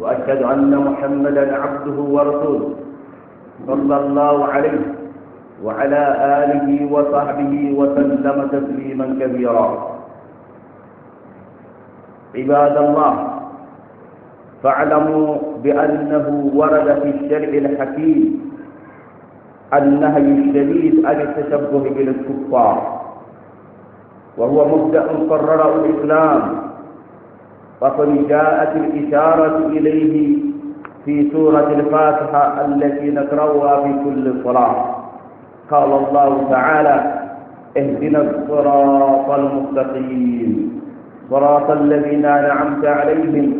وأشهد أن محمدا عبده ورسوله صلى الله عليه وعلى آله وصحبه وسلم تسليما كبيرا عباد الله فاعلموا بأنه ورد في الشرع الحكيم النهي الشديد عن التشبه بالكفار وهو مبدأ قرره الإسلام وقد جاءت الإشارة إليه في سورة الفاتحة التي نقرأها في كل صلاة قال الله تعالى اهدنا الصراط المستقيم صراط الذين أنعمت عليهم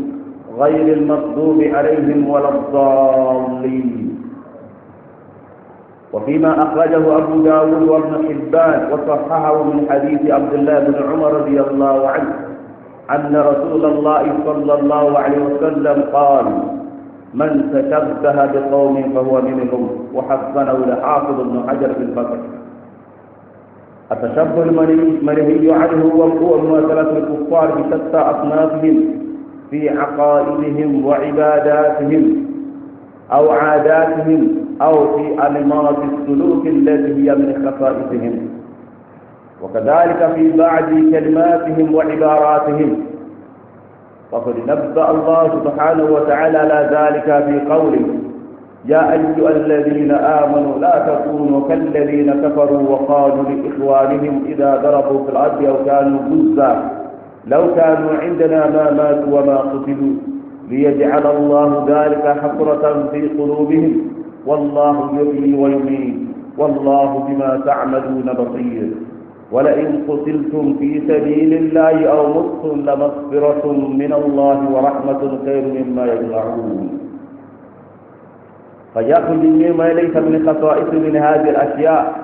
غير المغضوب عليهم ولا الضالين وفيما أخرجه أبو داود وابن حبان وصححه من حديث عبد الله بن عمر رضي الله عنه أن رسول الله صلى الله عليه وسلم قال من تشبه بقوم فهو منهم وحسنه لحافظ ابن حجر في الفتح التشبه المنهي عنه هو مماثلة الكفار بشتى أصنافهم في عقائدهم وعباداتهم أو عاداتهم أو في أنماط السلوك التي هي من خصائصهم وكذلك في بعض كلماتهم وعباراتهم فقد نبأ الله سبحانه وتعالى على ذلك في قوله يا أيها الذين آمنوا لا تكونوا كالذين كفروا وقالوا لإخوانهم إذا ضربوا في الأرض أو كانوا جزا لو كانوا عندنا ما ماتوا وما قتلوا ليجعل الله ذلك حفرة في قلوبهم والله يحيي ويميت والله بما تعملون بصير ولئن قتلتم في سبيل الله أو مصتم لمغفرة من الله ورحمة خير مما يجمعون فيأخذ مما ليس من خصائص من هذه الأشياء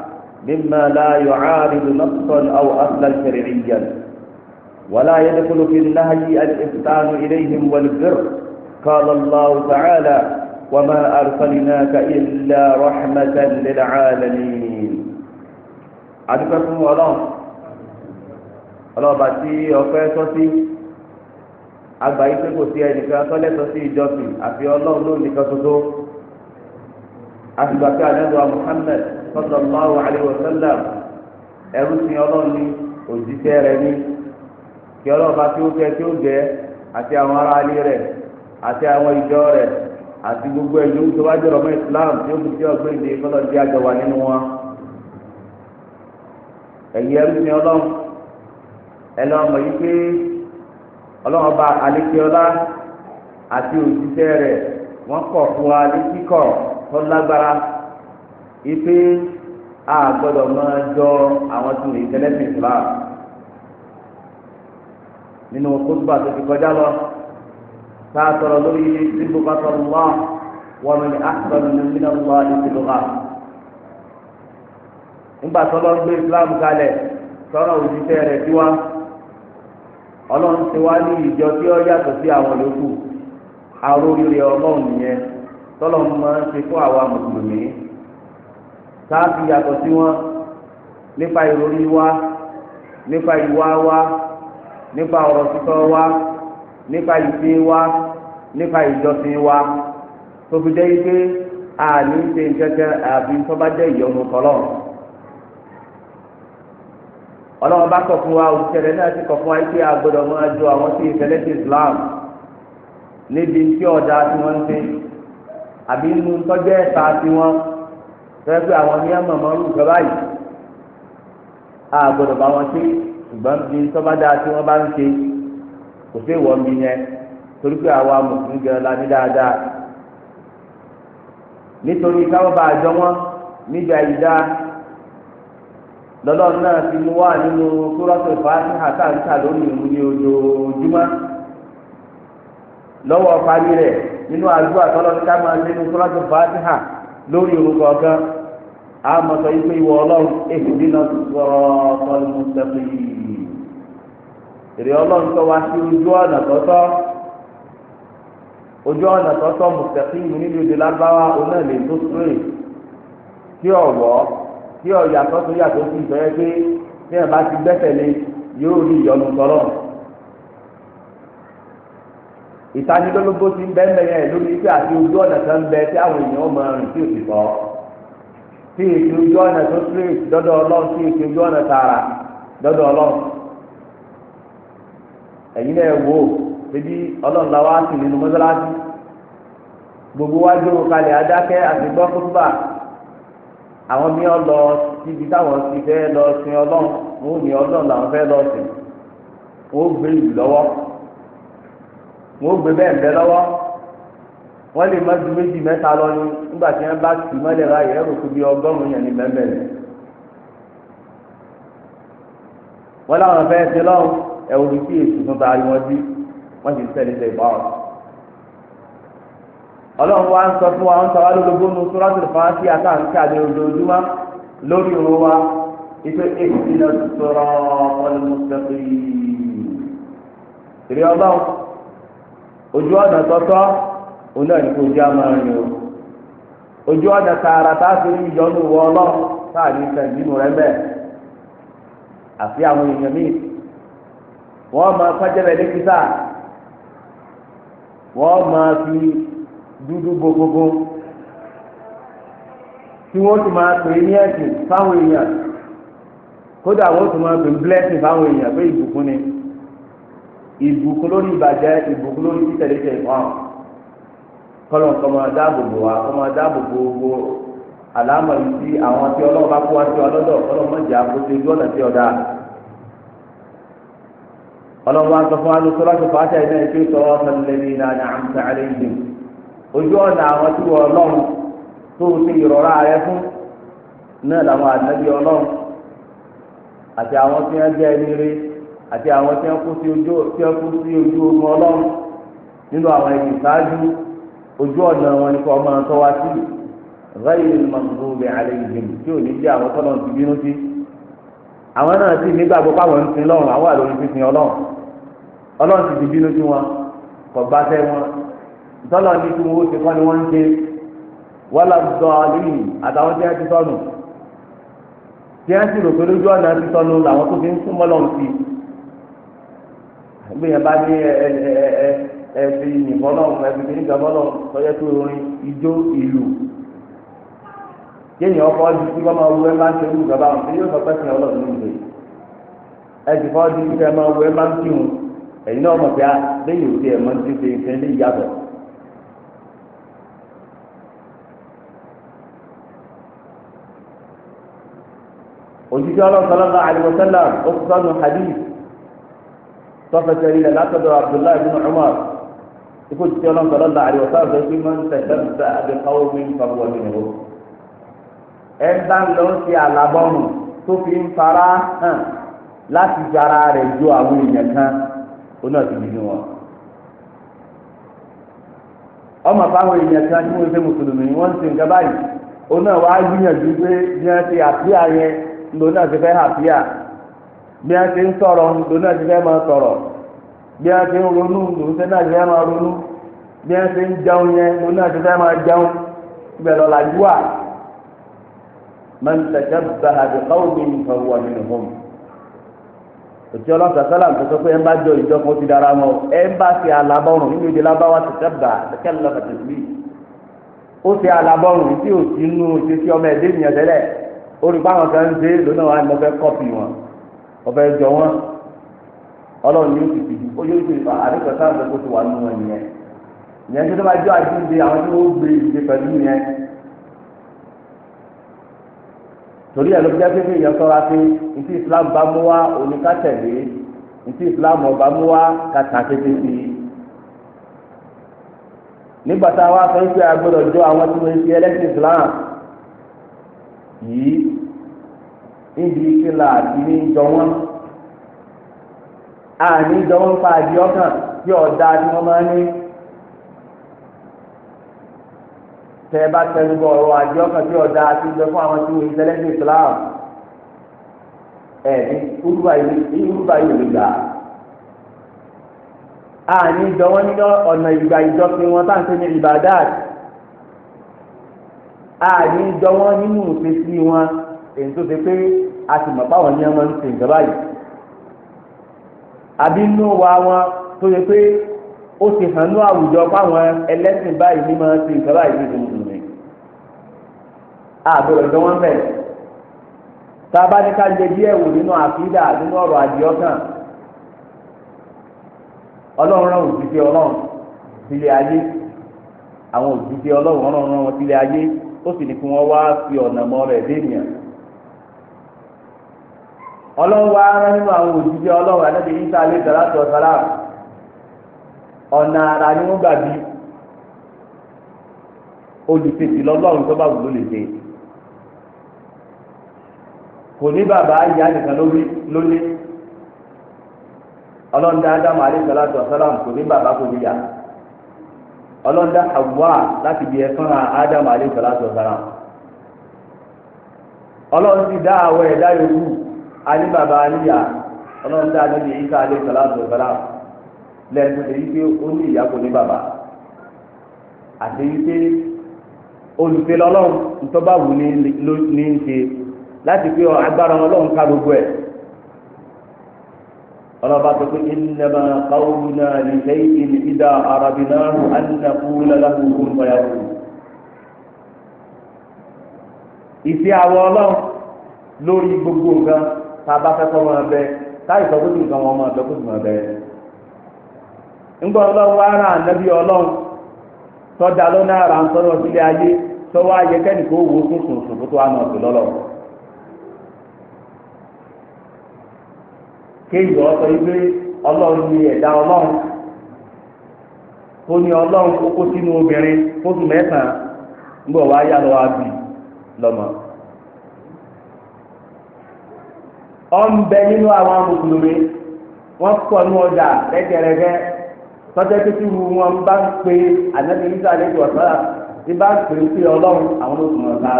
مما لا يعارض نصا أو أصلا شرعيا ولا يدخل في النهي الإحسان إليهم والبر قال الله تعالى وما أرسلناك إلا رحمة للعالمين adúpẹ́ fún ọlọ́run ọlọ́ọ̀bà tí ọpẹ́ tọ́ sí àgbà yìí pé kò sí ẹnìkan tọ́lẹ́tọ̀ sí ìjọsìn àfi ọlọ́run ló nìkan ṣoṣo àtìgbà pé àdẹ́gbà Muhammad sallallahu alaihi wasallam ẹrú ọlọ́run ní òjíṣẹ́ ní kí tí ó tí ó gẹ́ àti àwọn ará alẹ́ àti àwọn ìjọ àti gbogbo ẹ̀yọ́ tó bá Islam tí ó ẹ̀yin ẹrú ni ọlọ́run ẹlẹ́ ọmọ yìí pé ọba alẹ́kẹ́ọ́lá àti òṣìṣẹ́ rẹ̀ wọ́n fún wa ní ipe a gbọ́dọ̀ máa jọ àwọn tó lè nínú kótópà tó ti kọjá lọ tá a sọ̀rọ̀ lórí síbùkátà wọn ni a sọ̀rọ̀ nígbà tó lọ́n gbé islam kalẹ̀ sọ́nà òjíṣẹ́ rẹ̀ tiwa ọlọ́run ti wá ní ìjọ tí ó yàtọ̀ sí àwọn yòókù aróríire ọlọ́run nìyẹn tọ́lọ̀ máa ń ṣe fún àwa mùsùlùmí sáàfì yàtọ̀ sí wọn nípa ìròrí wa nípa ìwà wa nípa ọ̀rọ̀ sísọ wa nípa ìṣe wa nípa ìjọsìn wa tó fi jẹ́ pé àní ṣe nǹkan kan àbí tó bá jẹ́ ìyọnu tọ́lọ́run ọlọ́run bá kọ̀ fún wa òṣìṣẹ́ náà ti kọ̀ fún wa pé a máa jọ àwọn tí ìṣẹ̀lẹ̀ ti Islam níbi tí ọ̀dà tí wọ́n ń ṣe àbí inú tọ́jọ́ ẹ̀ta tí wọ́n fẹ́ pé àwọn ní ẹ̀mọ̀ mọ́ lù kọ́ báyìí a bá wọn ṣe ṣùgbọ́n bí sọ́bàdà tí wọ́n bá ń ṣe kò sí ìwọ̀n bí yẹn torí pé àwa mùsùlùmí gẹ̀rẹ́ la ní dáadáa nítorí káwọn bá àjọ wọn nígbà yìí lọ́lọ́run náà ti mú wá nínú sórọ́tò fàáṣíhà táǹtà lórí ìlú ní ojoojúmọ́ lọ́wọ́ parí rẹ̀ nínú àdúgbò àtọ́lọ́run ká máa nínú sórọ́tò fàáṣíhà lórí ìlú kọ̀ọ̀kan àmọ́ sọ yìí pé ìwọ ọlọ́run èsì dínà sọ̀rọ̀ tọ́lú mùsùlùmí èrè ọlọ́run tó wá sí ojú ọ̀nà tọ́tọ́ ojú ọ̀nà tọ́tọ́ mùsùlùmí nínú ìdílábáwá onáà lè tó sírè tí ọ̀wọ́ tí ọ̀yàtọ̀ tó yàtọ̀ sí ìtọ́yẹ́ pé tí ẹ̀ bá ti gbẹ́sẹ̀lé yóò rí ìyọnu tọ́lọ̀ ìtanilólógó ti ń bẹ́ẹ̀ mẹ́yẹ lórí ibi àti ojú ọ̀nà kan ń bẹ tí àwọn èèyàn mọ tí ò sì kọ́ tí ètò ojú ọ̀nà tó dọ́dọ̀ ọlọ́run tí ètò ojú ọ̀nà tààrà dọ́dọ̀ ọlọ́run ẹ̀yin náà wò ó ọlọ́run nínú mọ́sálásí gbogbo wájú kalẹ̀ adákẹ́ àti àwọn mi ọ lọ síbi táwọn ti fẹ́ lọ sin ọlọ́run wọn ò ní ọlọ́run làwọn fẹ́ lọ sìn wọn ò gbé ìlú lọ́wọ́ wọn ò gbé bẹ́ẹ̀ bẹ́ẹ̀ lọ́wọ́ wọ́n lè má ju méjì mẹ́ta lọ ní nígbà tí wọ́n bá tì mọ́lẹ̀ báyìí ẹ̀rọ kó bí ọgọ́rùn yẹn ní bẹ́ẹ̀ ni wọ́n láwọn ṣe lọ́run ẹ̀wọ̀n fi èsì tuntun ta ni wọ́n bí wọ́n ti tẹ̀lé tẹ̀ bá ọ̀rọ̀ ọlọ́run wa ń sọ fún wa ń sọ wá lólobó nu suratul Fatiha àtàǹkà ní ojoojúmọ́ lórí irun wa ife èsì náà sọ̀rọ̀ ọlọ́mọsẹ́fì ìrẹ́ ọlọ́run ojú ọ̀nà tọ́tọ́ òun náà ní kò jẹ́ àmọ́ rìn o ojú ọ̀nà tààrà tá a fi ń yọnu wọ ọlọ́run táà ní sẹ́ńdínú rẹ bẹ́ẹ̀ àfi àwọn èèyàn míì wọ́n máa kọ́jẹ́ bẹ́ẹ̀ ní kíkà wọ́n máa fi. dúdú gbogbogbò tí wọ́n ti máa pè é ní ẹ̀sìn fáwọn èèyàn kódà wọ́n ti máa pè é blessing fáwọn èèyàn pé ìbùkún ni ìbùkún lórí ìbàjẹ́ ìbùkún lórí títẹ̀lẹ́tẹ̀ ìfọ̀n kọ́lọ̀ kọ́ máa dáàbò bò wá kọ́ máa dáàbò bò gbogbo àlámọ̀ yìí sí àwọn tí ọlọ́run bá kó wá sí kọ́lọ̀ ojú ọ̀nà àwọn tí wọ́n ọlọ́run tó o ṣe ìrọ̀rá rẹ fún náà làwọn ànábì ọlọ́run àti àwọn tí wọ́n jẹ́ ẹni rí àti àwọn tí wọ́n kú sí ojú tí wọ́n kú sí ojú ogun ọlọ́run nínú àwọn ẹni ìṣáájú ojú ọ̀nà wọn ni kò máa tọ́ wá sí rẹ́yìn mọ̀gbọ́nmi alẹ́ ìgbìmọ̀ tí ò ní jẹ́ àwọn tọ́lọ̀ ti bínú sí àwọn náà sì nígbàgbọ́ pàwọn ń sin lọ́run àwọn àlọ́ ń sin ọlọ́run ọlọ́run ti ti bínú sí wọn kò gbáṣẹ́ wọn tọ́lọ̀ ní kí wọ́n ó ti kọ́ ni wọ́n ń ṣe wọ́n lọ sọ àlùyìn àtàwọn tí wọ́n ti sọnù tí wọ́n ti rò ẹ ẹ ẹ ẹ tó rin ijó ìlú ọdún tí wọ́n máa wú máa ń wọn fi yóò sọ pẹ́sìn ní ìgbè ẹtì ọmụ tí wọ́n máa wú òjijì ọlọ́sọlọ́lá àdìmọ́sálà ọ̀sánù hadith tọ́fẹsẹ̀ rí rẹ̀ látọ̀dọ̀ abdullahi bin umar ikú òjijì ọlọ́sọlọ́lá àdìmọ́sálà sọ pé máa ń tẹ̀sẹ̀ àbẹ̀káwọ́ mi nípa bọ́ mi nìyó. ẹ bá ń lọ sí alábọ́ọ̀nù tó fi ń fara hàn láti jara rẹ̀ ju àwọn èèyàn kan ó náà nínú wọn. ọmọ fáwọn èèyàn kan tí wọ́n ṣe mùsùlùmí wọ́n ń ṣe nǹkan báyìí lòun náà ti fẹ́ hàpíà bí wọ́n ti ń sọ̀rọ̀ lòun náà ti fẹ́ máa sọ̀rọ̀ bí wọ́n ti ń ronú lòun náà ti fẹ́ máa ronú bí wọ́n ti ń jẹun yẹn lòun náà ti fẹ́ máa jẹun ibẹ̀ lọ́la yú à mẹ́tẹ̀kẹ́ bàhàbí káwọ́mí ìfọwọ́ nínú hom òtí ọlọ́sà sálàm tó sọ pé ẹ bá jọ ìjọ kan ti dára mọ́ ẹ bá ti àlàbọ̀rùn nínú ìdílé abáwá ti tẹ́bà kẹ́lẹ́ lọ́kàtà olùkọ́ àwọn kan ń ṣe lónà wa ni wọ́n fẹ́ kọ́pì wọn wọ́n fẹ́ jọ wọn ọlọ́run yóò ti fi ó yóò ti fa àdéhùn sáà fẹ́ kó ti wà nínú wọn nìyẹn ìyẹn tó tó bá jọ àjíǹde àwọn tí wọ́n gbé ìdè pẹ̀lú yẹn torí ẹ̀ ló fi jẹ́ pé kí èèyàn sọ́ra pé ntí Islam bá mú wá oníkàtẹ̀lé ntí Islam ọba mú wá kàtà kété sí i nígbà tá a wá fẹ́ pé a gbọ́dọ̀ jọ àwọn tí wọ́n ti ẹlẹ́sìn Islam yìí níbi ìkìlà àti ní jọ wọn àní jọ wọn pa àdí ọkàn tí ọ̀dà tí wọ́n máa ń ní. tẹ ẹ bá tẹnu bọ ọ̀rọ̀ àjẹ ọkàn tí ọdá ti ń bẹ fún àwọn tí wọn ìtẹlẹsì islam ẹ ní urúbà yìí urúbà yìí lè gbà á ní ìjọ wọn ní ọ̀nà ìgbà ìjọ pé wọn tá à ń ṣe ní ibadat àní jọ wọn nínú ìfèsì wọn èyí tó ṣe pé a sì mọ̀ báwọn ní ọmọ ń ṣe nǹkan báyìí àbí inú wa wọn tó ṣe pé ó ti hàn ní àwùjọ fáwọn ẹlẹ́sìn báyìí ní máa ń ṣe nǹkan báyìí nínú ìlú àbúrò jọ wọn bẹ̀ tá a bá ní ká lè díẹ̀ wò nínú àfídà nínú ọ̀rọ̀ àdìọ́kàn ọlọ́run rán òjijì ọlọ́run sílé ayé àwọn òjijì ọlọ́run rán wọn sílé ayé ó sì ní kí wọ́n wá fi ọ̀nà mọ́ rẹ̀ dénìyàn ọlọ́run ara nínú àwọn òṣìṣẹ́ ọlọ́run àdébí yíṣà lè dára tó sára ọ̀nà ara ni wọ́n gbà bí olùfèsì lọ́lọ́run tó bá wù ló lè dé kò ní bàbá ìyá nìkan ọlọ́run dáadáa sọ́lá tó kò ní bàbá kò ní ọlọ́dà Hawa láti bí ẹ̀fọ́n Ádámù alayhi salatu wa salam dá àwọn ẹ̀dá yòókù alẹ́ bàbá aníyà níbi Ìsá alayhi salatu wa lẹ́nu tó pé ó ní ìyá kò ní bàbá àti yí pé olùfẹ́ lọ́lọ́run wù ní Ọlọba tó pé ìnàmà káwùnà nìṣẹ́ ìdí ìdá arabinà ànàkúlẹ̀ lákòókò nǹkọ̀yàwó. ìfẹ́ àwọ̀ ọlọ́run lórí gbogbo nǹkan tá a bá fẹ́ kọ́ máa bẹ sọ fún nǹkan wọn máa ọlọ́run wá ànábì ọlọ́run tọ́jà lọ́nà àrà ń sọ́nà sílé ayé tọ́wọ́ kéèyàn ọsọ ibé ọlọ́run ni ẹ̀dá ọlọ́run tó ní ọlọ́run kókó sínú obìnrin fóṣù mẹ́sàn-án ńgbọ̀ wá yá lọ́wọ́ abì lọ́mọ. ọ̀nbẹ nínú àwọn mùsùlùmí wọ́n pọ̀ ní ọjà lẹ́gẹ̀rẹ́gẹ́ tọ́jọ́ títí wọn bá ń pe ànábi àlejò tí bá ń pè é ọlọ́run àwọn oṣù mọ̀ọ́ta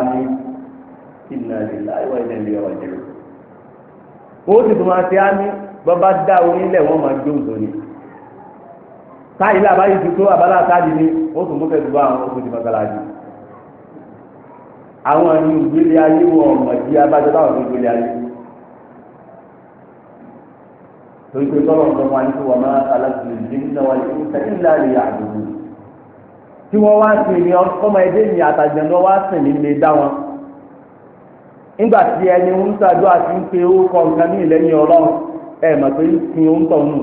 ìlà ìwọ̀ ọ̀jẹ̀rẹ̀. ó sì tún máa ṣe á ní bọ́bá dá onílẹ̀ wọ́n máa jó òzò ni táyì lábáyé ti tó abala àtàdì ni ó tún mú tẹ̀síwá àwọn oṣù tí mọ́sálásí àwọn ẹni ìgbélé ayé wọn ọ̀mọ̀ di abájọ táwọn ìgbélé ayé torí pé tọ́lọ̀ ń lọ́wọ́ àyíkú wọn máa ta láti lè dín náà wáyé fún sẹ́yìn láàrin àdúgbò tí wọ́n wá sí ni ọmọ ẹgbẹ́ mi àtàjẹ́ lọ́wọ́ á sìn ní lè dá wọn nígbà tí ẹni ń sàdó àti ń pe orúkọ nǹkan ní ìlẹ́yìn ọlọ́run ẹ mọ̀ pé ń sin ó ń tọ̀ nù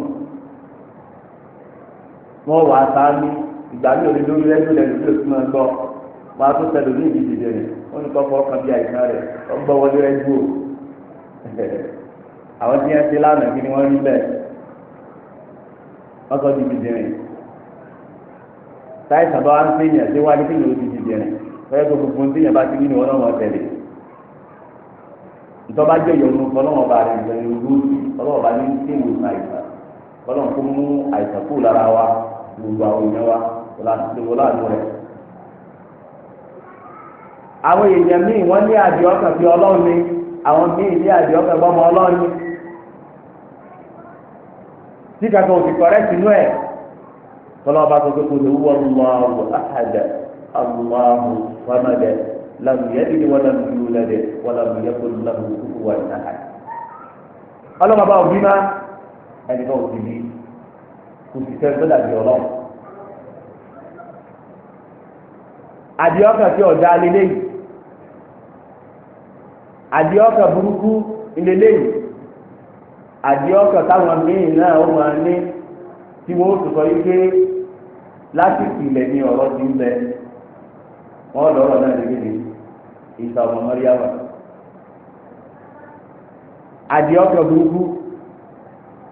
wọ́n wà á sá ní ìgbà mi ò lórí rẹ́díò lẹ́nu tí o ti máa gbọ́ wọ́n á tún sẹ́dọ̀ ní ìdíje rẹ̀ wọ́n ní kọ́kọ́ kan bí àìsàn rẹ̀ wọ́n gbọ́ wọlé rẹ́díò àwọn tí wọ́n ti lánàá kí ni wọ́n rí bẹ́ẹ̀ wọ́n sọ di ìdíje rẹ̀ táyì sábà wá ń pè yàn ntọ́ba jẹ́ ìyọnu ọlọ́wọ́n ba rẹ̀ ìgbẹ́ ìlú ọlọ́wọ́n ba ní kéwòn àìsàn ọlọ́wọ́n kó mú àìsàn kó lára wa gbogbo àwọn èèyàn wa lọ́wọ́ láàánú rẹ̀. àwọn èèyàn míì wọ́n ní àdì ọkàn ọlọ́run àwọn míì ní ọkàn ọmọ ọlọ́run tí kankan sínú ẹ̀ ولده ولم يكن له كفوا أحد ọlọ́mọ bá òbí má ẹni náà òbí bí kò sì fẹ́ gbọ́dọ̀ àbí ọlọ́run àbí ọkàn tí ọ̀dà lélẹ́yìí àbí ọkàn burúkú lélẹ́yìí àbí ọkàn táwọn míì náà ó máa ní tí wọ́n tún sọ yìí pé lásìkò ilẹ̀ ni ọ̀rọ̀ ti ń bẹ wọ́n lọ́rọ̀ náà lé kéde ìsà ọmọ mọ́ríyàwó àdìẹ ọkọ̀ burúkú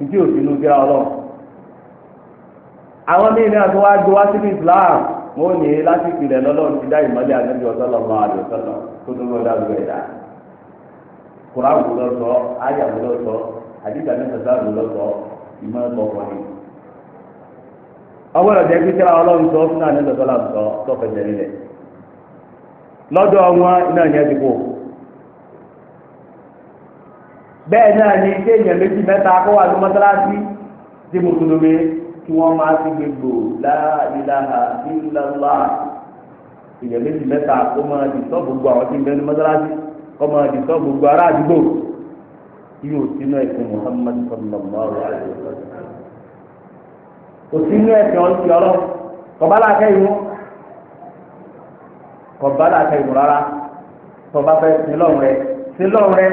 ntí òsínú jẹ́ ọlọ́run àwọn míì náà tó wá gbé wá Islam ní láti ìpìlẹ̀ lọ́lọ́run ti dá ìmọ́lẹ̀ ànábì ọ̀sọ́lọ́ ọmọ ọ̀sọ́lọ́ tó lọ́ọ́ ẹ̀dá sọ ayé wò lọ sọ àdìgbà ní sọ̀tà wò lọ sọ ìmọ̀ ẹ̀kọ́ kọ́ ni jẹ́ lọ́dọ̀ wọn iná ní ẹ̀dìbò bẹ́ẹ̀ náà ni ilé èèyàn méjì mẹ́ta kó wà ní mọ́sálásí tí tí wọ́n máa ti gbègbò láàrínláà ilaha èèyàn méjì mẹ́ta kó máa di sọ́ gbogbo àwọn tí ń bẹ ní mọ́sálásí kó máa di sọ́ gbogbo ará àdúgbò yóò sínú ẹ̀sìn Muhammad sallallahu kò sínú ẹ̀sìn ọ̀sìn kọba la ka ìmọ̀ rárá tọba fẹ́ sí lọ́rùn rẹ sí lọ́rùn rẹ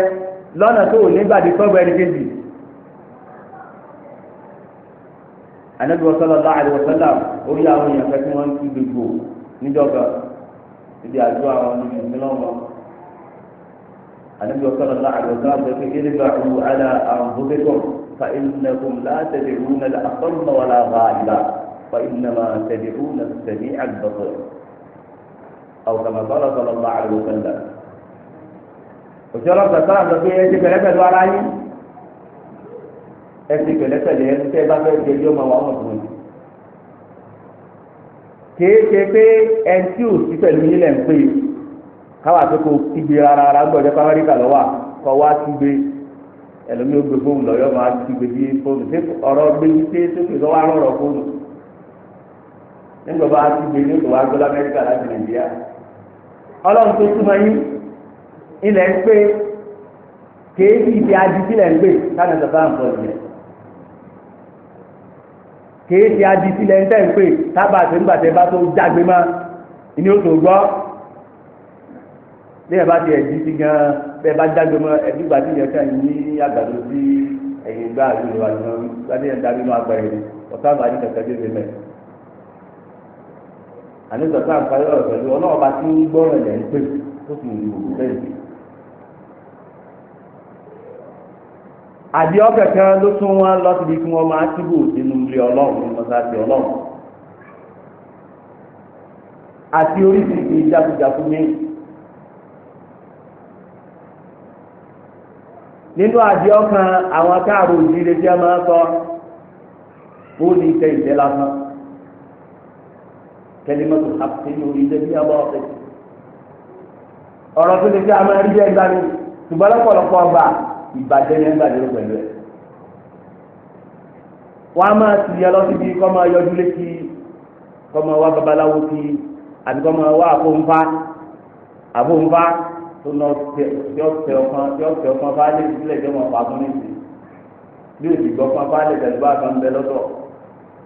lọ́nà tó o nígbà tí tọ́gbà ẹni kejì. anabi sallallahu alaihi wasallam orí àwọn èèyàn fẹ́ kí wọ́n ti gbogbo níjọba ibi àjọ àwọn ọmọ ìlú lọ́wọ́ anabi sallallahu alaihi wasallam fẹ́ kí ẹni bá wù ala àwọn bókẹ́kọ̀ fa innakum la tẹ̀lé wù náà lọ́wọ́ la bá a yìlá fa innama tẹ̀lé wù náà tẹ̀lé àgbàkọ̀. أو كما قال صلى الله عليه وسلم òtí ọlọ́pàá sọ́ra sọ pé ẹtí pẹ̀lẹ́pẹ̀lú ara yín ẹtí pẹ̀lẹ́pẹ̀lẹ́ ẹni tẹ́ bá fẹ́ ṣe yóò máa wà wọ́n fún mi. kìí ṣe pé ẹni tí ò sí pẹ̀lú yín lẹ̀ ń pè káwá pé kò kígbe ara ara gbọ́dọ̀ pé amẹ́ríkà lọ́wọ́ kọ́ wá ẹlòmíì ó fóònù lọ́yọ́ máa kígbe bí fóònù ṣé ọ̀rọ̀ gbé yín ṣé sókè lọ́wọ́ fóònù nígbà bá kígbe ní ìgbà wá gbọ́dọ̀ láti nàìjíríà ọlọ́run tó túmọ̀ yín ilẹ̀ ń pé kéèdì ibi adìsílẹ̀ ń gbé sáni sọ̀tà ń pọ̀ jù kéèdì adìsílẹ̀ ń tẹ̀ ń pè tábà tó ń gbàtẹ́ bá tó jágbe mọ́ ìní ó tó gbọ́ bí ẹ bá ti ẹ̀dí sí gan bí ẹ bá jágbe mọ́ ẹbí gbàtí ìyẹn kàn ní àgbàdo sí ẹ̀yìn gbá àdúgbò wa ní wọn gbàtí ẹ̀ ń darí inú agbẹ̀rẹ̀ ọ̀tá kẹ̀kẹ́ bí ó ti mẹ́rin. àníṣe ọ̀sán àǹfààní ọ̀rọ̀ pẹ̀lú ọlọ́wọ́ bá ti ń gbọ́ ẹ̀lẹ́ ń pè tó sì ń òkú bẹ́ẹ̀. àbí ọkẹ kan ló tún wọn lọ síbi kí wọn máa tìbò sínú ilé ọlọ́run ní ọlọ́run àti oríṣiríṣi mi. nínú kẹlímọ̀tò àti orí ìdẹ́bí abọ́ ọ̀sẹ̀. ọ̀rọ̀ tó ti fi àmọ́ ẹ̀rí jẹ́ ìgbà mi ṣùgbọ́n lọ́pọ̀lọpọ̀ ọba ìbàjẹ́ ni ẹ̀ńgbà dúró pẹ̀lú ẹ̀. wọ́n á máa sì yẹ lọ síbi kọ́ máa yọjú létí kọ́ máa wá babaláwo kí àti kọ́ máa wá àfóńfá àfóńfá tó lọ tí ó tẹ ọkàn tí ó tẹ ọkàn bá lè sílẹ̀ tí ó máa pàgọ́ níbi bí òsì gbọ́ kan bá lè tẹ̀lé kan bẹ lọ́tọ̀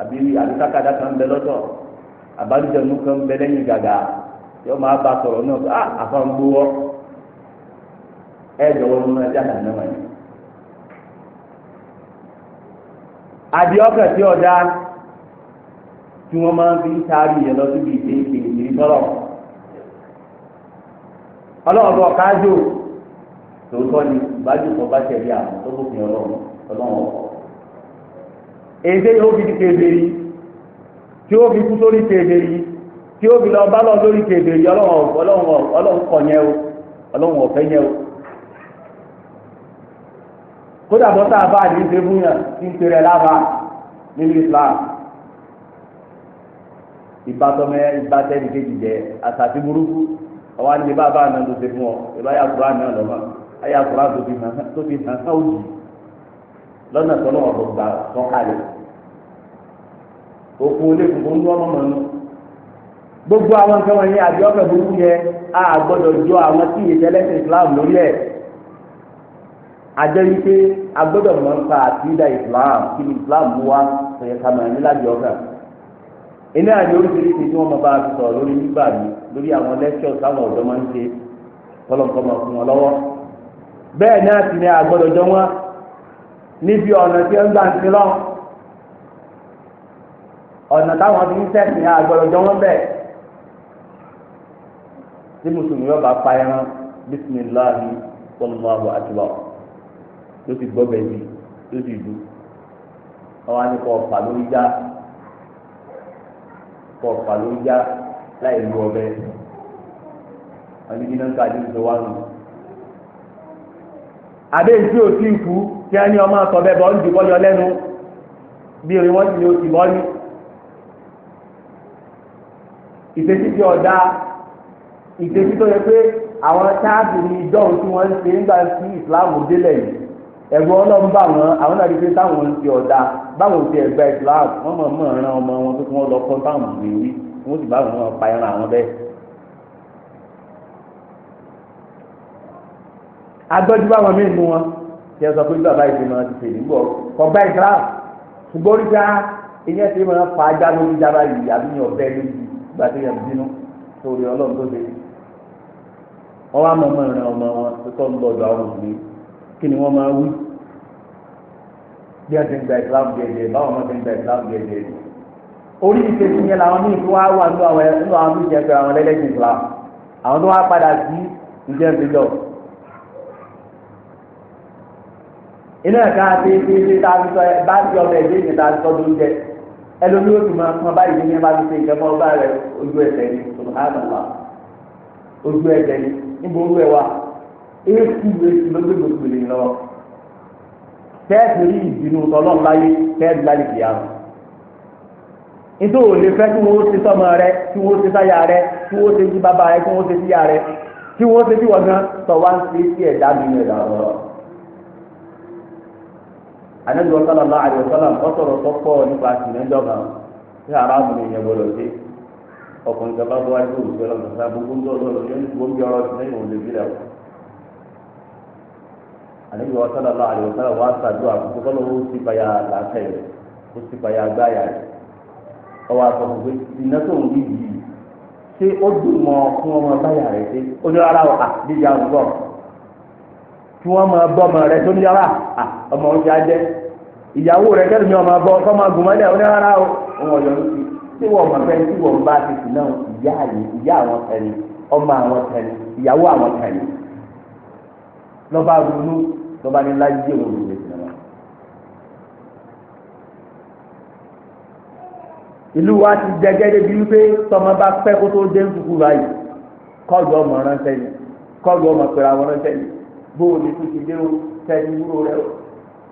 àbí àbí sákàdá kan bẹ lọ́tọ̀ àbálùjọnu kan bẹ lẹ́yìn gàgà yọ máa bá sọ̀rọ̀ náà pé ah afọ gbowó ẹ jọ̀wọ́ nínú ẹja náà náà wọ̀nyí. àdìọ́kẹ̀ tí ọ̀dá tí wọ́n máa ń fi ń taari yẹn lọ síbi ìdè ìdè ìdè sọ̀rọ̀ ọlọ́run tòótọ́ ni ìbájú kan bá tẹ̀lé àwọn tó bófin èdè yóò fi tí ó fi kú sórí tèèdè yìí tí ó fi lọ bá lọ sórí tèèdè yìí ọlọ́run kọ̀ yẹn o ọlọ́run ọ̀fẹ́ yẹn o kódà bọ́ a bá àdéhùn ṣe fún yàn tí ń tẹ̀rẹ̀ lába nínú Islam ìbátọ́mẹ́ ìbátẹ́ni kejì jẹ àtàtì burúkú ọwọ́ àti ìbá bá àná tó ṣe fún ọ ìbá yà kúrò àná lọ́wọ́ ayé àkúrò àti tó fi hàn sáwùjì lọ́nà tọ́lọ́wọ́ tó gbà òkú olè kòkó ń lọ ọmọ mọ nù gbogbo àwọn nǹkan wọ̀nyí àbí ọkọ burúkú yẹ a gbọ́dọ̀ jọ àwọn tí yìí tẹlẹsì islam lórí ẹ àjẹ wípé a gbọ́dọ̀ mọ̀ nípa àtúndà islam kí ni islam wá sọyẹ kàmá ní lájọ ọkàn iná àjẹ oríṣiríṣi tí wọn máa bá a sọ̀rọ̀ lórí nígbà mi lórí àwọn lectures táwọn ọ̀dọ́ máa ń ṣe kọlọńkọ máa fún wọn a gbọ́dọ̀ jọ wọn níbi ọ̀nà tí wọn gbà ń sin lọ́wọ́ ọ̀nà táwọn fi ń sẹ́sìn yẹn àgbọ̀dọ̀jọ́ wọn bẹ̀. tí mùsùlùmí yóò bá pa ẹran bisimilahi wàlúwàlú àtúbà ló ti gbọ́ bẹ́ẹ̀ bí ló ti dù àwọn anìkọ̀ ọ̀pá lórí já kọ̀ ọ̀pá lórí já láì lu ọbẹ̀ ń ní ọmọ àtọ̀bẹ̀ dìbọ́ yọ lẹ́nu bí ìgbésí tí ọ̀dà ìgbésí tó yẹ pé àwọn táàbù ní ìjọun tí wọ́n ń ṣe nígbà tí ìsìláàmù délẹ̀ yìí ẹ̀rù ọlọ́run bá wọn àwọn náà rí pé táwọn ń ṣe ọ̀dà báwọn ti ẹ̀gbà ìsìláàmù wọ́n mọ̀ mọ̀ ran ọmọ wọn pé kí wọ́n lọ kọ́ táwọn ìwé wí wọ́n sì bá wọn pa ẹran àwọn bẹ́ẹ̀. agbọ́jú báwọn míì mú wọn tí ẹ sọ pé bàbá ìgbìmọ̀ ti fè nígbà kọ̀ọ̀gbà ìsìláàmù ṣùgbọ́n oríṣà ìyẹn ti máa fa ajá lórí jábá yìí àbí ní ọ̀bẹ lójú gbàdé yẹn bínú torí ọlọ́run tó dé wọ́n wá mọ̀mọ́ ìrìn ọmọ wọn tó ń lọ́dọ̀ àwọn òbí kí ni wọ́n máa wí bí wọ́n ti ń gba ìsìlámù gẹ̀ẹ́dẹ̀ báwọn ọmọ ti ń gba ìsìlámù gẹ̀ẹ́dẹ̀ orí ìṣèṣin yẹn làwọn míì tó wá wà nínú àwọn nínú àwọn míì jẹ́ pé àwọn ẹlẹ́sìn ìsìlámù àwọn tó wá padà sí ìjẹ́ ìbílọ̀ iná ẹ̀ka àti ìṣèṣin tá a fi sọ bá ti ọmọ ẹ̀dẹ́ ẹlòmí o fi máa kàn báyìí ní ẹbá fi ṣe ìjọba ọba rẹ ojú ẹsẹ̀ ni subhanallah ojú ẹsẹ̀ ni níbo olú ẹ wa éèkú èsì ló gbégbé gbèlè lọ tẹ́ẹ̀sì rí ìdùnnú tọ́lọ́n láyé tẹ́ẹ̀sì láyé kìyàmù nítorí òòlè fẹ́ kí wọ́n ṣe sọ́mọ rẹ kí wọ́n ṣe sáyà rẹ kí wọ́n ṣe sí bàbá rẹ kí wọ́n ṣe síyà rẹ kí wọ́n ṣe sí wọ́n gan tọ́ wá ń ṣe sí ẹ̀dá mi ní ẹ̀dá ọ̀rọ̀ anabi wa sallallahu alayhi wa sallam ọsọrọ kọkọ nípa sinẹjọba tí aráàlú ni ìyẹn gbọ́dọ̀ sí ọkùnrin kan bá bọ wáyé kó olùgbé lọnà sáà gbogbo ń dọdọ lọ yẹn gbogbo ń bí ọ̀rọ̀ sinẹ ìwọn olùgbé lẹ wọn. anabi wa sallallahu alayhi wa sallam wàá sàdúrà kókó kọ́ ló ń sì payà làákà yẹ ó sì payà gbáyà yẹ ọwọ́ àtọkùn pé sinẹ tó ń bí yìí ṣé ó dùn mọ́ fún ọmọ báyà rẹ ṣe ó ní rárá o à ọmọ oúnjẹ ajẹ ìyàwó rẹ kẹrù mi ọmọ abọ kọ máa gùn mọlẹ ọdún rárá o òun ọyọ ló ti tí wọn ọmọ fẹ tí wọn bá ti sùn náà ìyá àyè ìyá àwọn tẹni ọmọ àwọn tẹni ìyàwó àwọn tẹni lọba ronú lọba ní láyé òun ló lè sìn náà. ìlú wa ti jẹgẹ débi wípé tọmọ bá pẹ́ kó tó dé nkukú báyìí kọlu ọmọ ránṣẹ́ yìí kọlu ọmọ pẹ̀lú àwọn ránṣẹ́ yìí bóòlù tó ti dé o tẹni wúro rẹ o.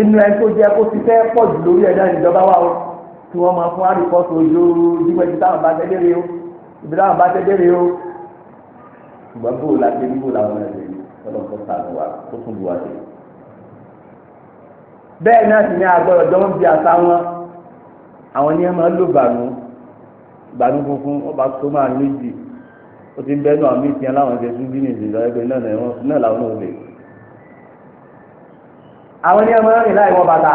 inú ẹ tó jẹ kó ti fẹ́ pọ̀ jù lórí ẹ̀ náà níjọba wa o tí wọ́n máa fún àríkọ́sọ ojoojúmọ́ ibi táwọn bá tẹ́lẹ̀ rè o ibi táwọn bá tẹ́lẹ̀ rè o. ṣùgbọ́n bó o la ṣe bó o la wọn ẹ̀rẹ̀ lọ́dọ̀ tó ta lù wá tó tún lù wá dé. bẹ́ẹ̀ náà sì ni àgbọ̀rọ̀ jọ ń bi àṣà wọn àwọn ni ẹ máa ń lò bànú bànú funfun ọba tó máa méjì ó ti ń bẹ́ẹ̀ náà mí àwọn ní ọmọ rìn láì wọ bàtà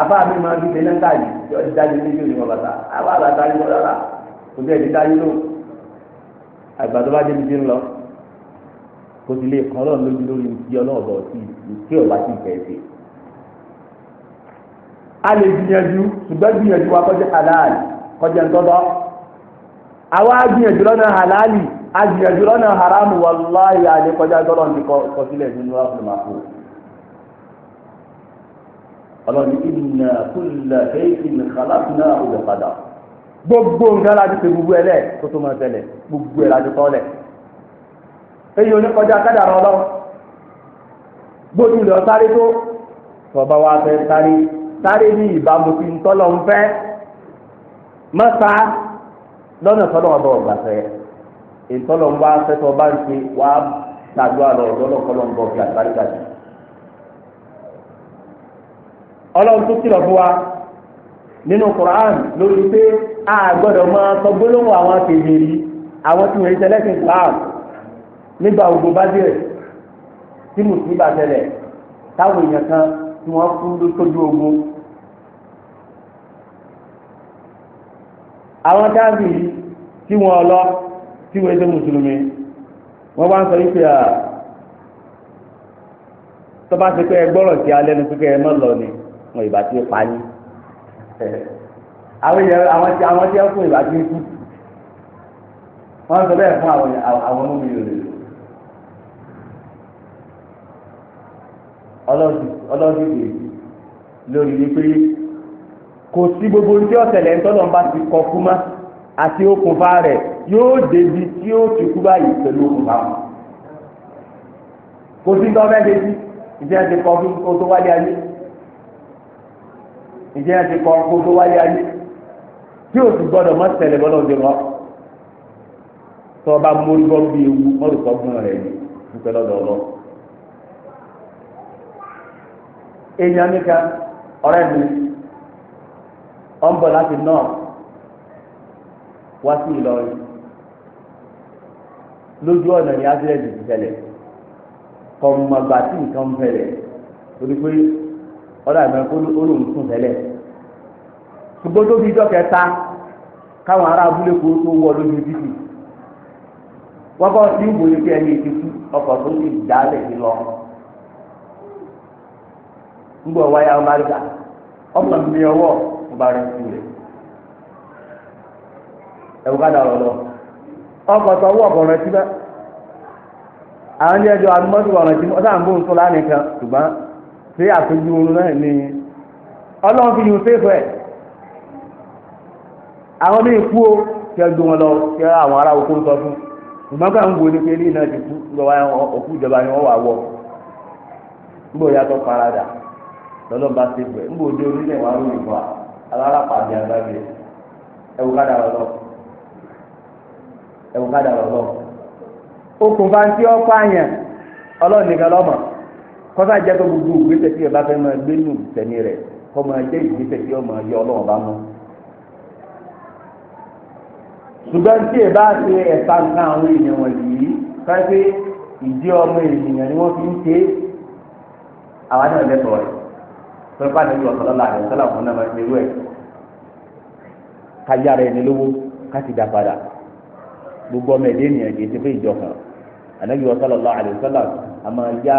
àbá mi máa fi ṣe lẹ́ńtà yìí ọdí dájú níbi òní wọ bàtà àbá bàtà yìí wọ́n rárá kò sí ẹ̀dí dájú lò àgbà tó bá débi ti ń lọ kó ti lè kọ́ ọlọ́run lójú lórí ti ọlọ́run bọ̀ sí ìké ọ̀wá sí ìfẹ́ ṣe. a lè gbìyànjú ṣùgbọ́n gbìyànjú wa kọjá halal kọjá ntọ́dọ́ àwa gbìyànjú lọ́nà halali a gbìyànjú lọ́nà haramu wàlláhi àdékọjá tọ́lọ́ ọlọ́run ìnà kúlẹ̀ kéèkì nìkàlàkùnà òdòpadà gbogbo nǹkan láti ṣe gbogbo ẹ lẹ kó tó máa ṣẹlẹ̀ gbogbo ẹ láti kọ́ lẹ̀ èyí oníkọjá kádàrá ọlọ́run gbójú lọ sáré tó tọba wa fẹ́ sáré sáré ní ìbámu fi ń tọ́lọ̀ ń fẹ́ mọ́ta lọ́nà tọ́lọ̀ ọba ọ̀gbà fẹ́ ìtọ́lọ̀ ń wá fẹ́ tọ́ bá ń ṣe wá tàdúrà lọ lọ́kọ́lọ́ ń bọ̀ fi àgbáríkà jù ọlọ́run tó kìlọ̀ fún wa nínú Quran lórí pé a gbọ́dọ̀ máa sọ gbólóhùn àwọn kèbèrè àwọn tí wọ́n ń sẹlẹ́sìn Islam nígbà ogun bá dé tí mùsùlùmí bá tẹ̀lẹ̀ táwọn èèyàn kan tí wọ́n kú lójú ogun. àwọn káàbì tí wọ́n lọ tí wọ́n ṣe mùsùlùmí wọ́n bá ń sọ wípé à tọ́ba ti pé gbọ́rọ̀ sí alẹ́ nu pípẹ́ ẹ mọ́ lọ ni wọn ìbá tí ó pa ní. àwọn yẹn àwọn tí àwọn tí ó fún ìbá tí ó kú wọn sọ bẹ́ẹ̀ fún àwọn àwọn ọmọ mi lòlè. ọlọ́ọ̀dì dè lórí wípé kò sí gbogbo tí ọ̀sẹ̀lẹ̀ ńtọ́lọ́ ń bá ti kọ kú mọ́ àti okùnfà rẹ̀ yóò débi tí ó ti kú báyìí pẹ̀lú okùnfà wọn. kò sí ní ọmọ ẹ̀ ìdí ẹ̀ ti kọ fún kó wálé ayé ìjẹ́ ẹ ti kọ́ kó tó wáyé ayé tí o sì gbọ́dọ̀ mọ́ tẹ̀lé bọ́dọ̀ ti rọ́ tó o bá mórí bọ́ bí ewu mọ́lùkọ́ gbọ́n rẹ̀ ni nípa lọ́dọ̀ ọlọ́ èèyàn nìkan ọ̀rẹ́ mi ọ̀ ń bọ̀ láti náà wá sí Ìlọrin lójú ọ̀nà ni ásílẹ̀ ti ṣẹlẹ̀ kọ̀ọ̀mọ̀gbà tí nǹkan ń fẹlẹ̀ torí pé ọ̀dọ̀ àgbẹ̀ kó olóhùn sùn tẹ́lẹ̀ ṣùgbọ́n tó fi dọ́kẹ́ ta káwọn ará abúlé kó tó wọ lójú títì wọ́n kọ́ sí ìwòye kí ẹni ti kú ọkọ̀ tó ti dálẹ̀ lọ wáyà mi ọwọ́ ọba ọkọ̀ tó ọkọ̀ àwọn ẹjọ́ ṣé àpéjú oorun náà ni ọlọ́run fi yun séèfù ẹ̀ àwọn míì kú o kí ẹ gbé wọn lọ kí àwọn ará oko ń sọ fún káà ń wo ni pé ti kú lọ́wọ́ òkú ìjọba ni wọ́n wà wọ̀ nígbà yàtọ̀ parada ẹ̀ wà lórí ìfọ̀ àgbàgbé ẹ̀wù ẹ̀wù ń tí ọ́ kọ́sá jẹ́ pé gbogbo ìgbésẹ̀ tí ọba fẹ́ máa gbé nù sẹ́ni rẹ̀ kọ́ máa jẹ́ ìgbésẹ̀ tí ọmọ yọ ọlọ́wọ́ bá mú. ṣùgbọ́n tí ìbá ṣe ẹ̀ka nǹkan àwọn èèyàn wọ̀nyí fẹ́ pé ìdí ọmọ ènìyàn ni wọ́n fi ń ṣe àwa náà lẹ́tọ̀ọ́ rẹ̀ pẹ̀lú pàdé ìlú ọ̀sán lọ́la àrẹ sọ́là fún náà nírú ẹ̀ kájà rẹ̀ ní lówó ká ti dá padà gbogbo ọmọ ẹ̀dẹ́ ènìyàn kì í ti fẹ́ ìjọ kan ànágbé ọ̀sán lọ́la àrẹ sọ́là àmọ́ ya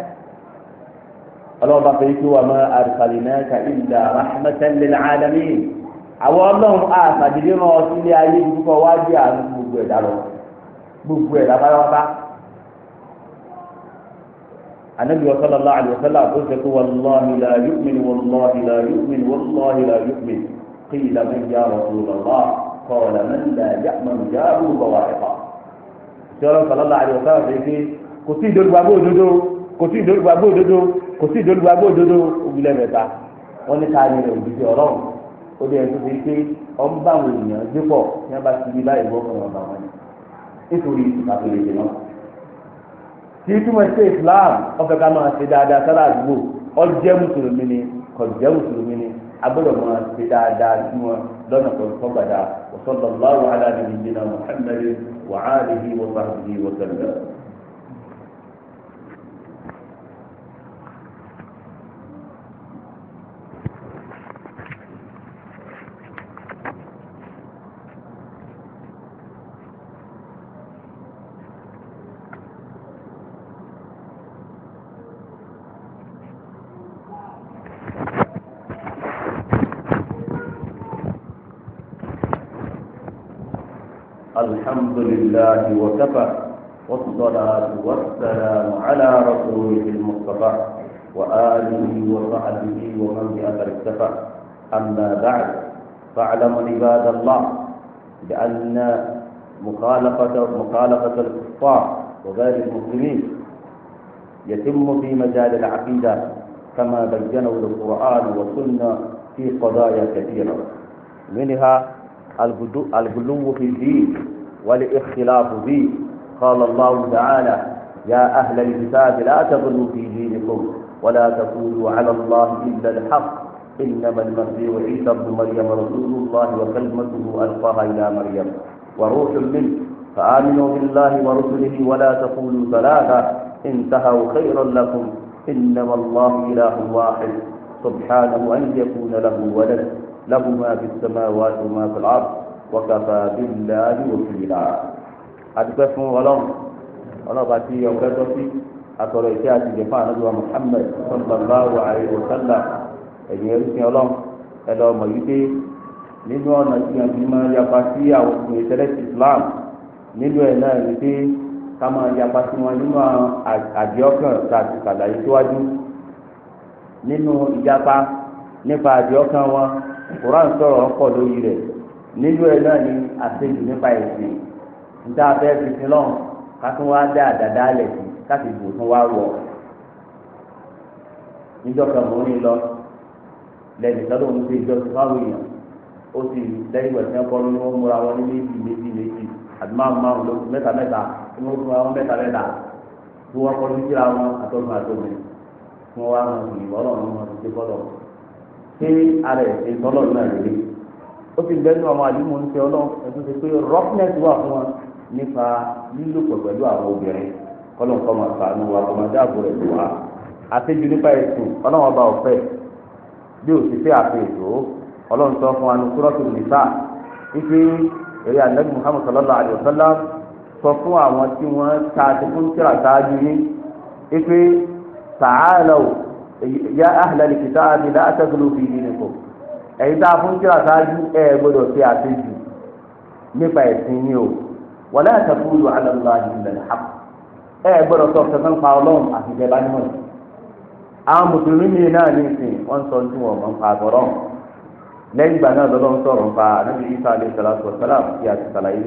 ọlọ́run bá fẹ́ẹ́ kí wà má arsalinaka illa rahmatan lil alamin àwọn ọlọ́run àtàdìdì rán ọtí ilé ayé ìdúkọ wájú àánú gbogbo ẹ̀dá lọ gbogbo ẹ̀dá pátápátá anabi wa sallallahu alayhi wa sallam ó sọ pé wàlláhi la yu'min wàlláhi la yu'min wàlláhi la yu'min qila man ya rasulallah qala man la ya'man jáàbù bawa'iqa tí ọlọ́run sallallahu alayhi wa sallam fẹ́ẹ́ kí kò sí ìdólúgbàgbó òdodo kò sí ìdólúgbàgbó òdodo kò sí ìdólúgbàgbọ́ òdodo òbílẹ̀ mẹ́ta wọ́n ní ká ní òbíjẹ́ ọlọ́run ó dé ẹni tó fi pé ọ̀n bá àwọn èèyàn gbé pọ̀ ní wọ́n bá ti di báyìí wọ́n kàn bá wọn ni nítorí ìpàkìlẹ̀ṣẹ̀ náà. tí túmọ̀ sí Islam ọ̀fẹ́ ká máa ṣe dáadáa sára àdúgbò ó jẹ́ mùsùlùmí ni kò jẹ́ mùsùlùmí ni agbọ́dọ̀ máa ṣe dáadáa sí wọn lọ́nà pọ̀lùpọ̀gbàdà wa sallallahu ala الله وكفى والصلاة والسلام على رسوله المصطفى وآله وصحبه ومن بأثر اكتفى أما بعد فاعلم عباد الله بأن مخالفة مخالفة الكفار وغير المسلمين يتم في مجال العقيدة كما بينه القرآن والسنة في قضايا كثيرة منها الغلو في الدين والاختلاف فيه قال الله تعالى يا أهل الكتاب لا تغلوا في دينكم ولا تقولوا على الله إلا الحق إنما المسيح عيسى ابن مريم رسول الله وكلمته ألقاها إلى مريم وروح منه فآمنوا بالله ورسله ولا تقولوا ثلاثة انتهوا خيرا لكم إنما الله إله واحد سبحانه أن يكون له ولد له ما في السماوات وما في الأرض wọ́kàfà bíbélà àdìwòkìlà adúpẹ́ fún ọlọ́run ọlọ́ba tí ọ̀pẹ́ tó sí atọ̀rọ̀ ìṣe àti ìjẹ̀fà ànágbèwà Muhammad sallallahu alaihi wasallam ẹ̀yìn ẹ̀rúsìn ọlọ́run ẹ̀lọ́ ọmọ yìí dé nínú ọ̀nà tí a fi máa yapa sí àwọn òkùnrin tẹ́lẹ̀ sí Islam nínú ẹ̀ náà ni pé ká máa yapa sí wọn nínú àdìọ́kàn tàbí kàdáyé síwájú nínú ìyapa nípa àdìọ́kàn wọn Quran sọ̀rọ̀ ọkọ̀ lórí rẹ̀ nínú ẹ náà ni àṣejù nípa ẹ̀sìn níta abẹ́ fífi lọ́hùn ká tún wá dá àdàdà alẹ̀ sí káti bò tún wá wọ̀ níjọba mòrin lọ lẹ́yìn tọ́lọ́ ń gbé ìjọ fáwọn èèyàn ó sì lẹ́yìn ìwẹ̀ tí wọ́n kọ́ ló ń múra wọn ní méjì méjì méjì àti márùn márùn lóṣù mẹ́ta mẹ́ta tí wọ́n múra wọn mẹ́ta mẹ́ta tí wọ́n kọ́ ní kíra wọn àtọ́nu àtọ́nu tí wọ́n wá wọn sì wọ́n lọ́wọ́ wọn ti dé bọ́lọ̀ ṣé ara ẹ̀sìn tọ́lọ̀ náà lè ó ti bẹ́ẹ̀ ní ọmọ àdúgbò ń ṣe ọlọ́run ẹ̀sùn ti pé roughness wà fún wọn nípa lílò pọ̀ pẹ̀lú àwọn obìnrin kọ́lọ̀ nǹkan máa sàánú wa kọ́ máa dáàbò rẹ̀ lù wá àtẹ́jú nípa ẹ̀sùn ọlọ́run ọba ọ̀fẹ́ bí ó ti fẹ́ àfẹ́sọ ọlọ́run sọ fún wa ní kúrọ́tù nìta wípé èrè ànábì Muhammad sallallahu alayhi wa sallam sọ fún àwọn tí wọ́n ta ti fún kíra sáájú yín wípé ta'alaw ya ahlal kitabi la taglu fi dinikum ẹ̀yin tá a fún kíra sáájú ẹ gbọ́dọ̀ fi àtẹjù nípa ẹ̀sìn yìí o wọlé àtẹkùlù alàlùwà ìlẹ̀ ha ẹ gbọ́dọ̀ sọ fẹsẹ̀ ń pa ọlọ́run àti ìjẹba níwọ̀n àwọn mùsùlùmí mi náà ní ìsìn wọn sọ tí wọn mọ̀ ń pa àtọ̀rọ̀ lẹ́yìn ìgbà náà lọ́dọ̀ ń sọ̀rọ̀ ń pa salatu wa salam kí a ti sàlàyé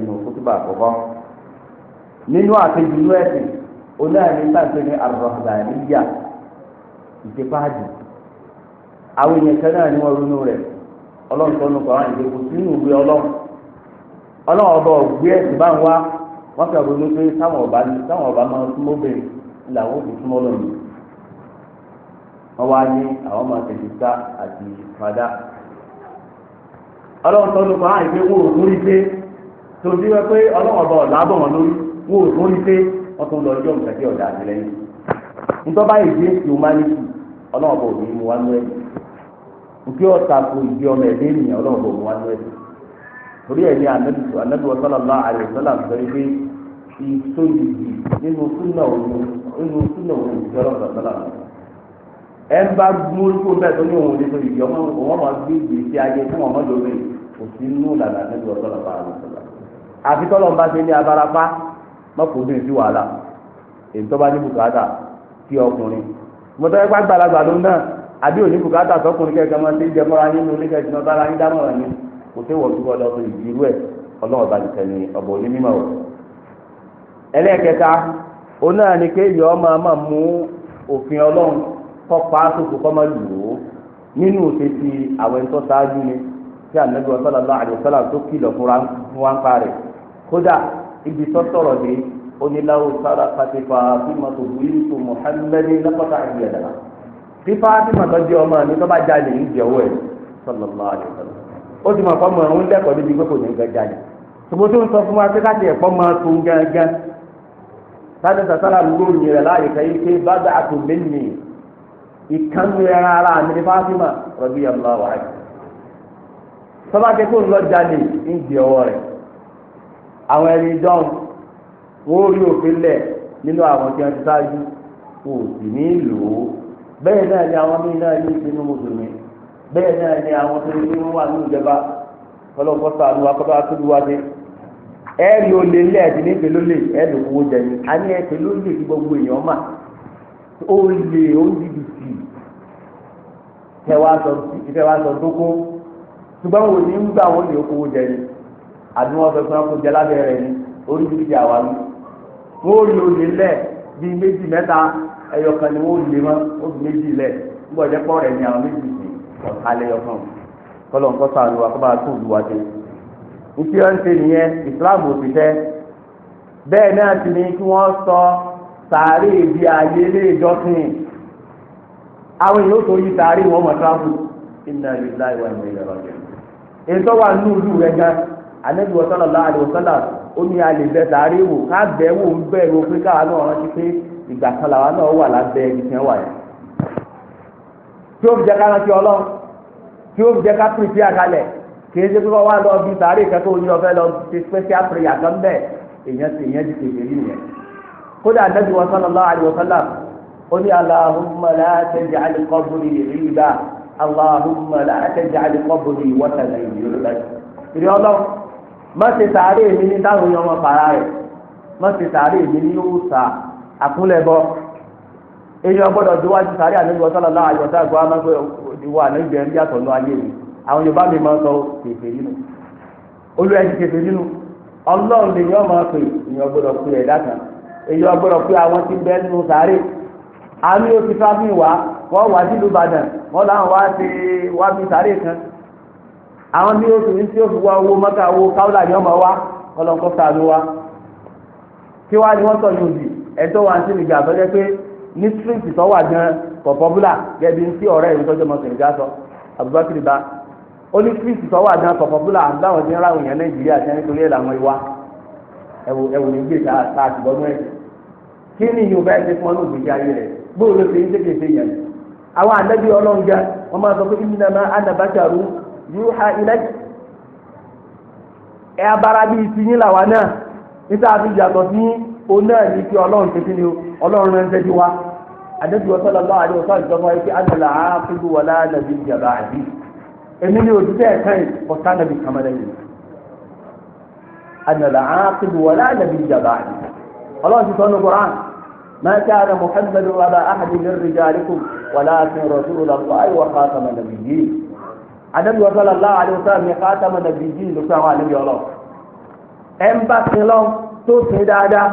ọlọ́run tó ń kọ́ àwọn ìgbé kò sínú ìwé ọlọ́run ọlọ́run ọba ògbé ẹ̀sìn bá ń wá wọ́n fẹ́ ronú pé táwọn ọba ní táwọn ọba máa súnmọ́ làwọn fada ìgbé wò ó tún rí pé pé ọlọ́run ọba lórí wò ó tún rí pé wọ́n tún lọ ọjọ́ nkí ọ̀tà kò ìdí ọmọ ẹ̀dẹ́ ènìyàn ọlọ́run bò wọ́n ní ẹ̀dẹ́ torí ẹ̀ ní anabiwa anabiwa sọlọ́lá àyẹ̀sọ́lá sọ̀rọ̀ pé ìtò ìdí nínú súnà òun nínú súnà òun ìdí ọlọ́run sọ̀rọ̀ lọ́wọ́ ẹ̀ ń bá gbúmọ́lùkù bẹ́ẹ̀ tó ní òun nínú ìdí ọmọ òun máa gbé ìgbésí ayé fún ọmọ lóore kò sí nínú ìlànà anabiwa sọlọ́lá àfi tọ́lọ́n àbí òní bùkátà tọkùnrin kẹkẹ máa ti ń jẹmọra nínú oníkẹ jùlọ bára ń dámọ̀ràn ni kò sí wọ́n dúró lọ fún ìdí irú ẹ̀ ọlọ́wọ́ bá nìkan ni ọ̀bọ onímọ̀ wọ̀. ẹlẹ́ẹ̀kẹta òun náà ni kéèyàn ọmọ máa mú òfin ọlọ́run kọ́ pa á kọ́ máa ó nínú òfin ti àwọn ẹ̀ńtọ́ sáájú ni tí tó ibi tí fáfíìmọ̀ tó jẹ́ ọmọ mi tó bá jáde ń jẹ owó ẹ̀ sallallahu alaihi wasallam ó ti mọ̀ fọ́mọ ọ̀hún lẹ́kọ̀ọ́ níbi pé kò ní gan jáde ṣùgbọ́n tó ń sọ fún wa pé káṣí ẹ̀kọ́ máa tó gángan sáde sàtàlà ló ń yẹrẹ láàyè kan yìí bàbá àtòmé ni ìkànnì ẹran ara mi ní fáfíìmọ̀ rọ̀bí ọ̀la wàhálà tọ́ba jẹ́ kó ń lọ jáde ń jẹ ọwọ́ rẹ̀ àwọn ẹni dán wọ́n rí òfin lẹ̀ nínú àwọn tí wọ́n ti ṣáájú kò sì ní lò ó bẹ́ẹ̀ náà ni àwọn míì náà ní ìpinnu mùsùlùmí bẹ́ẹ̀ náà ni àwọn tó ní wọ́n wà ní ìjọba ọlọ́pọ̀ sànù akọ́tọ́ akéwì wá dé ẹ̀rí olè lé ẹ̀dì ní ìpè lólè ẹ̀lò owó jẹ ni a ní ẹ̀pè lólè kí gbogbo èèyàn mà ó lè ó ń dìbì sí i tẹwàá sọ dókó ṣùgbọ́n wo ni ń gbà wọ́n lè owó jẹ àbí wọ́n fẹ́ fún ọkọ̀ jẹ lábẹ́ rẹ̀ ni oríṣiríṣi àwa ni wọ́n lè olè lẹ̀ bíi méjì mẹ́ta ẹyọkan ni wọ́n lè mọ́ ó fi méjì lẹ̀ nígbà jẹ́ pọ́ rẹ̀ ni àwọn méjì sì ọ̀tá lẹ́yọkan kọ́lọ̀ ń kọ́sà lu akọ́bá tó lu wa dé ìṣe ń ṣe nìyẹn ìsìláàmù ò ti fẹ́ bẹ́ẹ̀ náà ti ní kí wọ́n sọ sàárè di ààyè ilé ìjọsìn àwọn èèyàn tó yí sàárè wọn mọ̀ tíráfù iná ilé láì wá ìwé ìrọ̀lẹ́ rẹ̀ ètò wa nù ìlú rẹ̀ gan anabi sallallahu alaihi wasallam ó ní alẹ́ bẹ sàárè wò ká bẹ́ẹ̀ wò ń bẹ́ẹ̀ wò pé káwa náà rántí pé ìgbà kan làwa náà wà lábẹ́ ibi tí wọ́n wà yẹn tí ó fi jẹ́ ká rántí ọlọ́run tí ó fi jẹ́ ká pèsè àkálẹ̀ kì í ṣe pé wọ́n wá lọ bí sàárè kẹ́kọ̀ọ́ ní ọ̀fẹ́ lọ ti special prayer kan bẹ́ẹ̀ èèyàn ti èèyàn ti tètè rí yẹn kódà Ànábì wa sallallahu alaihi wa sallam ó ní Allahumma la taj'al qabri riba Allahumma la taj'al qabri wọ́tàlẹ̀ ìrìnà ìrìn ọlọ́run àkúnlẹ̀bọ èèyàn gbọ́dọ̀ díwájú sáré àníbi ọ̀sán lọ́la àyọ̀tá ẹ̀gbọ́n amágbé ìwà àníbi ẹ̀mí yàtọ̀ lọ ayé mi àwọn Yorùbá mi máa ń sọ kèfè nínú olú ẹni kèfè nínú Ọlọ́run lè yàn máa pè èèyàn gbọ́dọ̀ ẹ̀dá kan èèyàn gbọ́dọ̀ pé àwọn nínú àmì ó ti wá wọ́n wá Ìbàdàn wọ́n láwọn wá wá kan àwọn bí ní tí ó fi wá owó owó káwọ́lá ẹjọ́ wa ń Senegal àtọ́jẹ́ pé ní street tó wà gan kò popular gẹ́gẹ́ bí ti ọ̀rẹ́ ìlú ọmọ Senegal sọ Abubakar ó ní street tó wà gan popular òyìn Nàìjíríà ẹ̀ làwọn ìwà ní kí ni yóò bẹ́ẹ̀ ọ ayé rẹ̀ ló ń tẹ́kẹ̀ ṣe yẹn àwọn sọ pé abara o náà ní kí ọlọ́run tètè ni ọlọ́run rẹ̀ ń tẹ́jú wa àdébí wọ́n sọ́dọ̀ bá àdébí wọ́n sọ́dọ̀ ìjọba yìí pé àgbàlá àkúgbò wà lánàbí ìjàmbá àbí èmi ni òṣìṣẹ́ ẹ̀kan yìí kò sánàbí kàmẹ́rẹ́ yìí àgbàlá àkúgbò wà lánàbí ìjàmbá àbí ọlọ́run ti sọ ní koran máa ká ara muhammadu wàlá ahadi ní rijalikum wàlá sin rasulullahi wa khatama nabiyyin tó sin dáadáa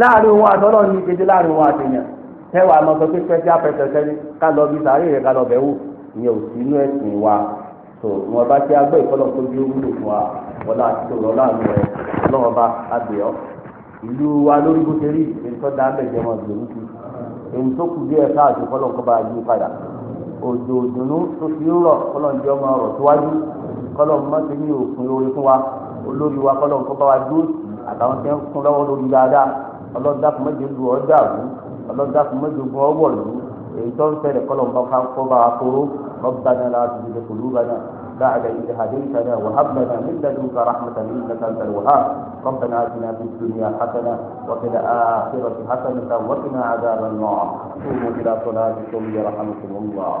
láàrin òun àtọ́lọ́ ní ìgbèjì láàrin òun àtẹ̀yàn tẹ́wàá máa sọ pé pẹ́ẹ́sì afẹ́fẹ́fẹ́ ní ká lọ bí sàárè rẹ̀ ká lọ bẹ̀ wò ìyẹn ò sí inú ẹ̀sìn wa tó wọn bá ti agbọ́ ìfọlọ́ tó bí ó wúlò fún wa wọn láti tó lọ láàrin rẹ̀ lọ́wọ́ bá agbè ọ́ ìlú wa lórí bó ṣe rí ìtọ́ da abẹ́jẹ́ wọn gbèrú sí èyí tó kù díẹ̀ káàtó fọlọ́ kọ́ bá yí padà òjò òdùnnú tó fi ń rọ̀ kọ́lọ̀ ń jẹ́ ọmọ ọ̀rọ̀ síwájú kọ́lọ̀ mọ́ ti ní òpin orin fún wa olórí wa kọ́lọ̀ ń kọ́ bá wa dúró àtàwọn tí ń kún lọ́wọ́ lórí dáadáa ọlọ́dàkùn mẹ́jọ lu ọjà wù ọlọ́dàkùn mẹ́jọ bu ọwọ́ lù èyí tó ń ṣẹlẹ̀ kọ́lọ̀ nǹkan kan kó bá a kóró ربنا لا تزغ قلوبنا بعد إذ هديتنا وهب لنا من لدنك رحمة إنك أنت الوهاب ربنا آتنا في الدنيا حسنة وفي الآخرة حسنة وقنا عذاب النار قوموا إلى صلاتكم يرحمكم الله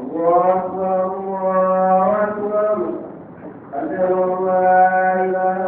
الله أكبر الله أكبر أشهد أن لا إله